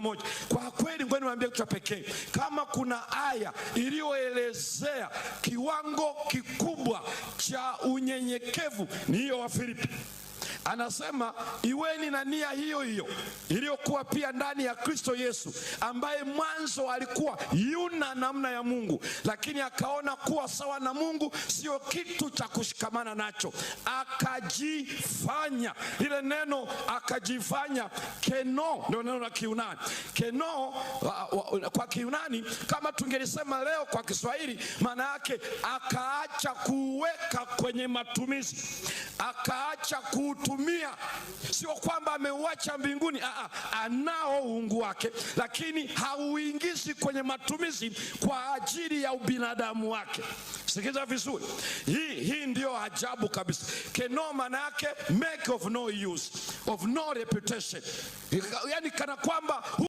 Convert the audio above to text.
moja. Kwa kweli ngoja niwaambie kitu pekee, kama kuna aya iliyoelezea kiwango kikubwa cha unyenyekevu ni hiyo Wafilipi anasema iweni na nia hiyo hiyo iliyokuwa pia ndani ya Kristo Yesu, ambaye mwanzo alikuwa yuna namna ya Mungu, lakini akaona kuwa sawa na Mungu sio kitu cha kushikamana nacho, akajifanya. Lile neno akajifanya, keno, ndio neno la Kiunani keno wa, wa, kwa Kiunani kama tungelisema leo kwa Kiswahili, maana yake akaacha kuweka kwenye matumizi akaacha ameacha kuutumia, sio kwamba ameuacha mbinguni. Aa, ah, ah, anao uungu wake, lakini hauingizi kwenye matumizi kwa ajili ya ubinadamu wake. Sikiza vizuri, hii hii ndiyo ajabu kabisa. Keno maana yake make of no use of no reputation, yaani kana kwamba